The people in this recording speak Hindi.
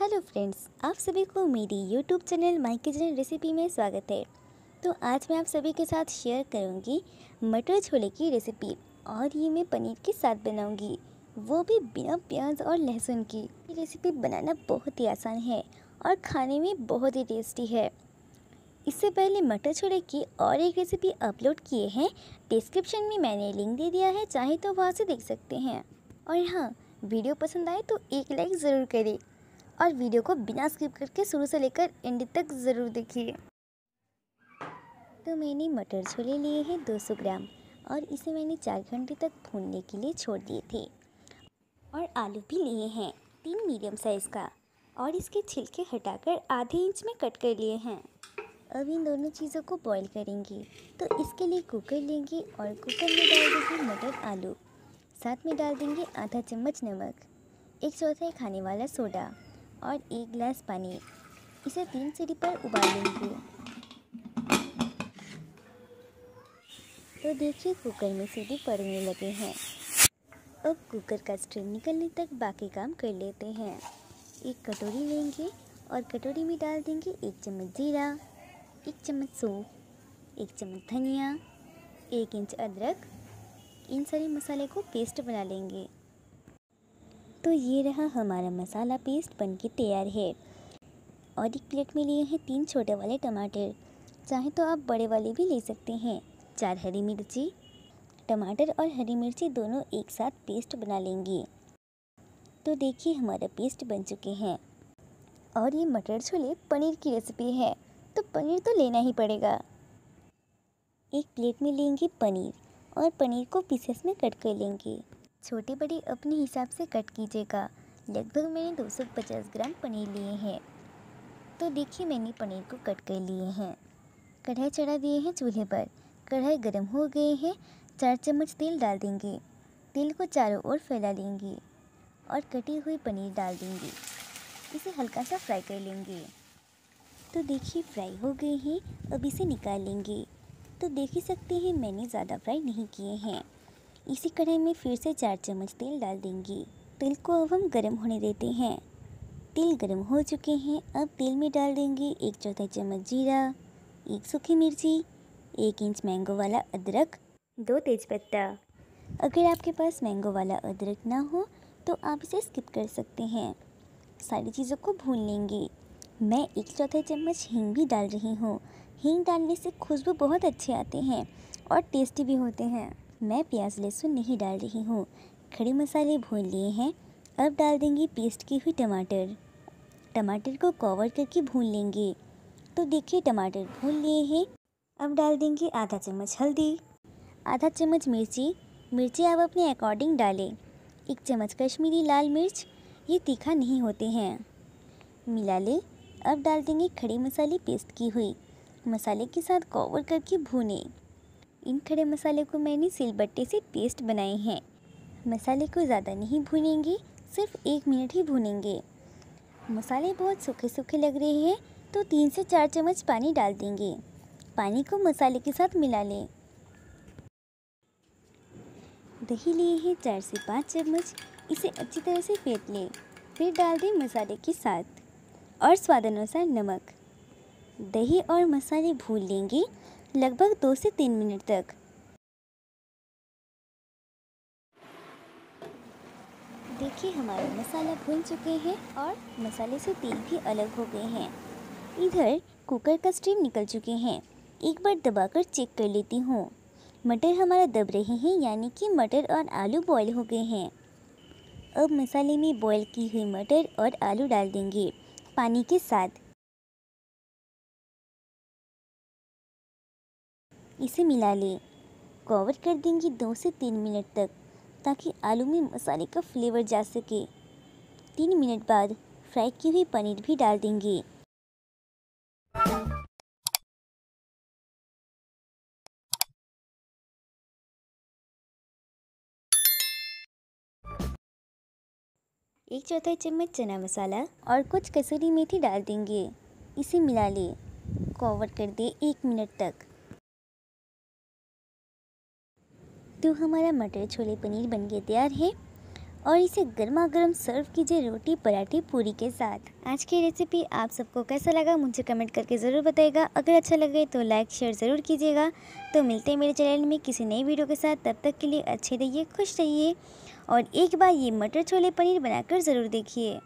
हेलो फ्रेंड्स आप सभी को मेरी YouTube channel my kitchen recipe में स्वागत है तो आज मैं आप सभी के साथ शेयर करूंगी मटर छोले की रेसिपी और ये मैं पनीर के साथ बनाऊंगी वो भी बिना प्याज और लहसुन की ये रेसिपी बनाना बहुत ही आसान है और खाने में बहुत ही टेस्टी है इससे पहले मटर छोले की और एक रेसिपी अपलोड किए हैं डिस्क्रिप्शन में मैंने लिंक दे दिया है चाहे तो वहाँ से देख सकते हैं और हाँ वीडियो पसंद आए तो एक लाइक ज़रूर करें और वीडियो को बिना स्किप करके शुरू से लेकर एंड तक ज़रूर देखिए तो मैंने मटर छोले लिए हैं 200 ग्राम और इसे मैंने चार घंटे तक भूनने के लिए छोड़ दिए थे और आलू भी लिए हैं तीन मीडियम साइज़ का और इसके छिलके हटाकर आधे इंच में कट कर लिए हैं अब इन दोनों चीज़ों को बॉईल करेंगे तो इसके लिए कुकर लेंगे और कुकर में डाल देंगे मटर आलू साथ में डाल देंगे आधा चम्मच नमक एक चौथाई खाने वाला सोडा और एक ग्लास पानी इसे तीन सीढ़ी पर उबाल लेंगे तो देखिए कुकर में सीढ़ी पड़ने लगे हैं अब कुकर का स्ट्रीम निकलने तक बाकी काम कर लेते हैं एक कटोरी लेंगे और कटोरी में डाल देंगे एक चम्मच जीरा एक चम्मच सूप एक चम्मच धनिया एक इंच अदरक इन सारे मसाले को पेस्ट बना लेंगे तो ये रहा हमारा मसाला पेस्ट बन के तैयार है और एक प्लेट में लिए हैं तीन छोटे वाले टमाटर चाहे तो आप बड़े वाले भी ले सकते हैं चार हरी मिर्ची टमाटर और हरी मिर्ची दोनों एक साथ पेस्ट बना लेंगे तो देखिए हमारा पेस्ट बन चुके हैं और ये मटर छोले पनीर की रेसिपी है तो पनीर तो लेना ही पड़ेगा एक प्लेट में लेंगे पनीर और पनीर को पीसेस में कट कर लेंगे छोटे बड़े अपने हिसाब से कट कीजिएगा लगभग मैंने 250 ग्राम पनीर लिए हैं तो देखिए मैंने पनीर को कट कर लिए हैं कढ़ाई चढ़ा दिए हैं चूल्हे पर कढ़ाई गर्म हो गए हैं चार चम्मच तेल डाल देंगे तेल को चारों ओर फैला लेंगे और कटी हुई पनीर डाल देंगे इसे हल्का सा फ्राई कर लेंगे तो देखिए फ्राई हो गए हैं अब इसे निकाल लेंगे तो देख ही सकते हैं मैंने ज़्यादा फ्राई नहीं किए हैं इसी कढ़ाई में फिर से चार चम्मच तेल डाल देंगे तेल को अब हम गर्म होने देते हैं तेल गर्म हो चुके हैं अब तेल में डाल देंगे एक चौथाई चम्मच जीरा एक सूखी मिर्ची एक इंच मैंगो वाला अदरक दो तेज़पत्ता अगर आपके पास मैंगो वाला अदरक ना हो तो आप इसे स्किप कर सकते हैं सारी चीज़ों को भून लेंगे मैं एक चौथाई चम्मच हींग भी डाल रही हूँ हींग डालने से खुशबू बहुत अच्छे आते हैं और टेस्टी भी होते हैं मैं प्याज लहसुन नहीं डाल रही हूँ खड़े मसाले भून लिए हैं अब डाल देंगे पेस्ट की हुई टमाटर टमाटर को कवर करके भून लेंगे तो देखिए टमाटर भून लिए हैं अब डाल देंगे आधा चम्मच हल्दी आधा चम्मच मिर्ची मिर्ची आप अपने अकॉर्डिंग डालें एक चम्मच कश्मीरी लाल मिर्च ये तीखा नहीं होते हैं मिला लें अब डाल देंगे खड़े मसाले पेस्ट की हुई मसाले के साथ कवर करके भूनें इन खड़े मसाले को मैंने सिलबट्टे से पेस्ट बनाए हैं मसाले को ज़्यादा नहीं भूनेंगे सिर्फ एक मिनट ही भूनेंगे मसाले बहुत सूखे सूखे लग रहे हैं तो तीन से चार चम्मच पानी डाल देंगे पानी को मसाले के साथ मिला लें दही लिए हैं चार से पाँच चम्मच इसे अच्छी तरह से फेंट लें फिर डाल दें मसाले के साथ और स्वाद अनुसार नमक दही और मसाले भून लेंगे लगभग दो से तीन मिनट तक देखिए हमारे मसाला भून चुके हैं और मसाले से तेल भी अलग हो गए हैं इधर कुकर का स्टीम निकल चुके हैं एक बार दबाकर चेक कर लेती हूँ मटर हमारा दब रहे हैं यानी कि मटर और आलू बॉईल हो गए हैं अब मसाले में बॉईल की हुई मटर और आलू डाल देंगे पानी के साथ इसे मिला लें कवर कर देंगे दो से तीन मिनट तक ताकि आलू में मसाले का फ्लेवर जा सके तीन मिनट बाद फ्राई की हुई पनीर भी डाल देंगे एक चौथाई चम्मच चना मसाला और कुछ कसूरी मेथी डाल देंगे इसे मिला लें कवर कर दे एक मिनट तक तो हमारा मटर छोले पनीर बन के तैयार है और इसे गर्मा गर्म सर्व कीजिए रोटी पराठे पूरी के साथ आज की रेसिपी आप सबको कैसा लगा मुझे कमेंट करके ज़रूर बताएगा अगर अच्छा लगे तो लाइक शेयर ज़रूर कीजिएगा तो मिलते हैं मेरे चैनल में किसी नई वीडियो के साथ तब तक के लिए अच्छे रहिए खुश रहिए और एक बार ये मटर छोले पनीर बनाकर ज़रूर देखिए